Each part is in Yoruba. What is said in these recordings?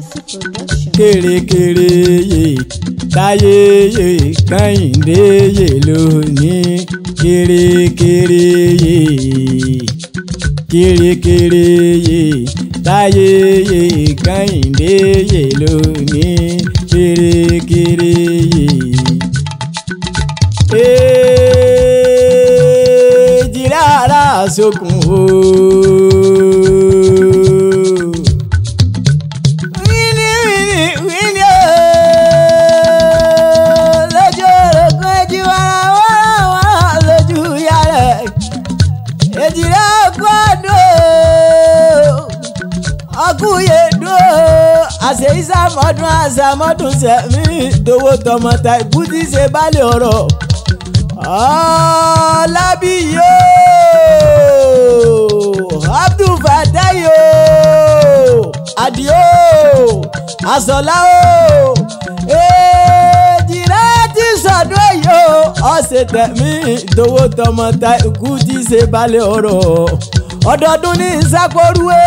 Classic Production. kèrèkèrè yè táyé yè kẹ́hìndé yè lónìí kèrèkèrè yè kèrèkèrè yè táyé yè kẹ́hìndé yè lónìí kèrèkèrè yè. èèjì rárá sókun ooo. ṣe ìsàmọ́dún àṣàmọ́dún sẹ́mi ìdòwò tọmọta ìbúdí ṣe bálẹ̀ ọ̀rọ̀ ọ̀ọ́lábí yóò Abdul Fatai yóò Adio Asola o èjìrẹ́ ti sọ̀dọ̀ yóò ọ̀sẹ̀ tẹ̀mí ìdòwò tọmọta ìkú ti ṣe bálẹ̀ ọ̀rọ̀ ọdọọdún ní ìsákórúwé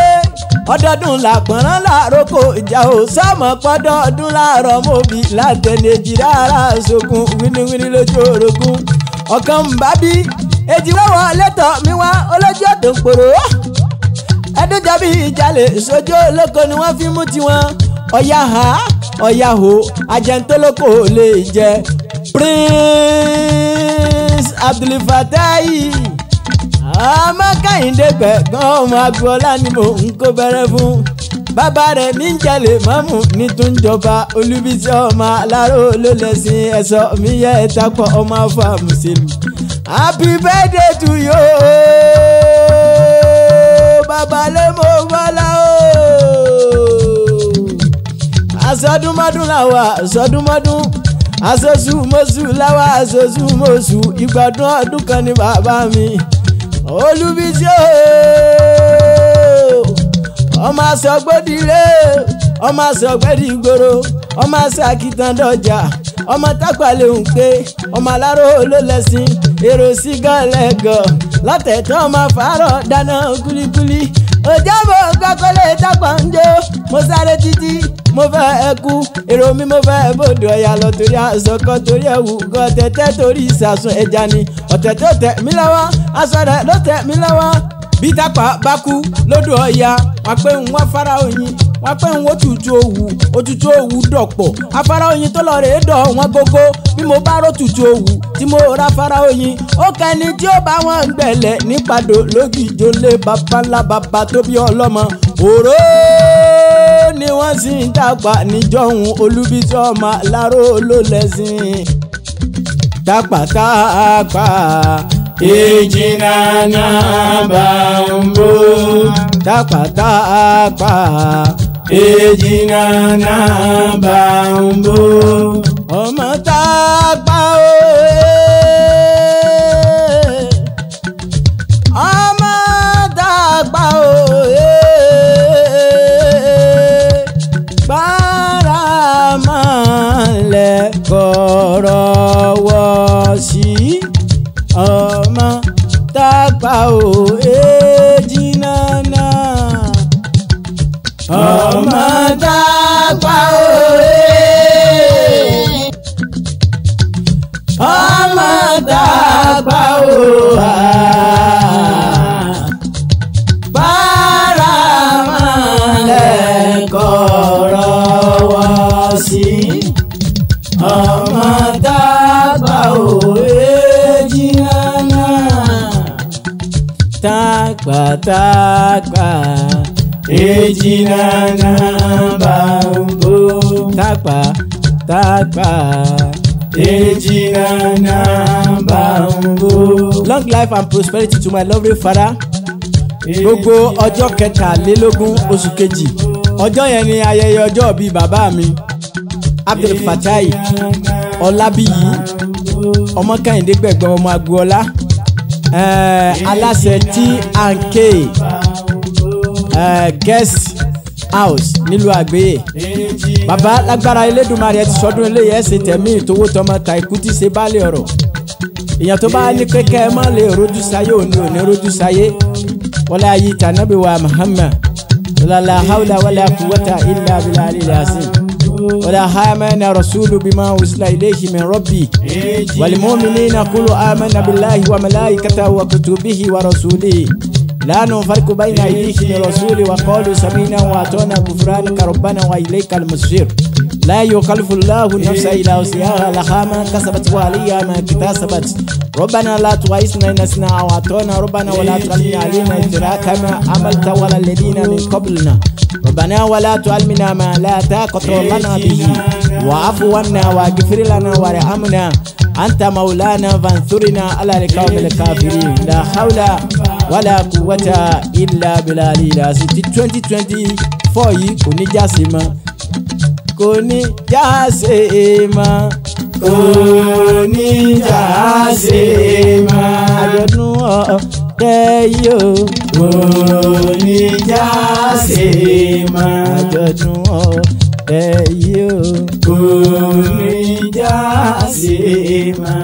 ọdọọdún làpọ̀nrán làrókò ìjà ò sọ́mọ pọ́dọọdún láàárọ̀ mọ́bí látẹ̀lẹ́jì rárá sókun wíníwíní lójú orogún ọ̀kan ń bá bí èjì wọ́wọ́ lẹ́tọ̀ mi wá olójú ọ̀dùn pòrò ẹdúnjàbí ìjàlè ìṣojú olóko ni wọ́n fi mú tiwọn ọ̀yà ha ọ̀yà ho ajẹ́ntólókò lè jẹ Prince Abdulfatai ọmọ Kẹ́hìndé gbẹ̀gán ọmọ agboola ni mò ń kó bẹ̀rẹ̀ fún bàbá rẹ̀ ní jẹ̀lẹ̀ mọ́mù ní tó ń jọba olúbísí ọmọ aláró ló lẹ́sìn ẹ̀sọ́ mi yẹ ẹ̀ta pọ̀ ọmọ afọ àmùsílù happy birthday to you bàbá lè mọ wọlá o asọdúnmọdún làwà asọdúnmọdún asosu mọsu làwà asosu mọsu ìgbàdún ọdún kan ní bàbá mi. Olúbísí ooo ọmọ àṣẹ ọgbọ́dìrẹ́ ọmọ aṣọ ọgbẹ́dì ìgboro ọmọ aṣọ àkìtàn dọjà ọmọ tápàlẹ̀ ń pé ọmọ aláró ló èrò sí gánlẹ́gàn látẹ̀tàn ọmọ dáná kulikuli. òjàbọ̀ kọ́kọ́lé tápọ̀njọ́ mo sáré títí mo fẹ́ ẹ kú èrò mi mo fẹ́ bòdò ẹ̀yà lọ torí àzọkọ torí ẹ̀wù gan torí ìsàsùn ẹja ni ọ̀tẹ̀ tó tẹ̀ mí lọ́wọ́ aṣọ ló tẹ̀ mí lọ́wọ́ bí fara wọn pẹ́ ń wo tùjú òwú ojújú òwú dọ̀pọ̀ afárá oyin tó lọ rèé dọ̀ wọ́n gógó bí mo bá ró tùjú òwú tí mo ra afárá oyin ó kẹni tí ó bá wọn gbẹ̀lẹ̀ nípàdó lógìjó lé babalá baba tó bí ọlọ́mọ òró ni wọ́n sì ń dàgbà níjọ́hun olúbíjọ́ ọmọ aláró ló lẹ́sìn dàgbàtàgbà ìjìnà náà bá ń bó dàgbàtàgbà èjìnà náà bá ń bò. ọmọ tá a gbà ó. ọmọ tá a gbà ó. bára máa lẹ̀ kọ̀rọ̀ wọ̀ sí ọmọ tá a gbà ó. ọmọ tá a pa òye. ọmọ tá a pa òwà. bára mọ́lẹ̀ kọ̀ọ̀rọ̀ tá Ejina na bò. tapa tapa. Ejina na bò. long life and prosperity to my lovely father. gbogbo ọjọ́ kẹtàlélógún oṣù kejì ọjọ́ yẹn ni ayẹyẹ ọjọ́ bíi bàbá mi Abdul Fatai Ọlábíyí ọmọ Kẹ́hìndé gbẹ̀gbọ́n ọmọ Agboola aláṣẹ tí Eh, guest house nílùú àgbéyè bàbá lágbára Elédùmarè ẹ ti sọdún eléyìí ẹ ṣe tẹ̀mí ìtòwó tọmọ ta ikú tí ṣe bá lè ọ̀rọ̀ èèyàn tó bá ní kékẹ́ ẹ mọ́ lè rojú sáyé òní òní rojú sáyé wọlé ayé tànàbí wa Muhammad wàlá hawla wàlá kúwọ́tà ilà bílà lílà sí wàlá hàmẹ́nà rasúlù bímọ wùsùlà iléyìí min rabbi wàlímọ́mìnì nàkúlù àmẹ́nà bíláhi wàmẹ́láhi kàtà wà kùtùbíhi wà rasúlì. لا نفرق بين أيديهم الرسول وقالوا سمينا وأتونا غفرانك ربنا وإليك المصير لا يكلف الله نفسا إلا وسعها لها ما كسبت وعليها ما اكتسبت ربنا لا تؤاخذنا إن نسينا أو أعطانا ربنا ولا تحمل علينا إثرا كما عملت ولا الذين من قبلنا ربنا ولا تعلمنا ما لا طاقة لنا به وعفو عنا واغفر لنا وارحمنا أنت مولانا فانصرنا على القوم الكافرين لا حول Wala kúwọ́tà ilà abẹ́là lílà sí ti twenty twenty four yìí kò ní jáse mọ́ kò ní jáse mọ́. kò ní jáse mọ́. àjọ̀dún ọ̀tẹ̀ yìí o. kò ní jáse mọ́. àjọ̀dún ọ̀tẹ̀ yìí o. kò ní jáse mọ́.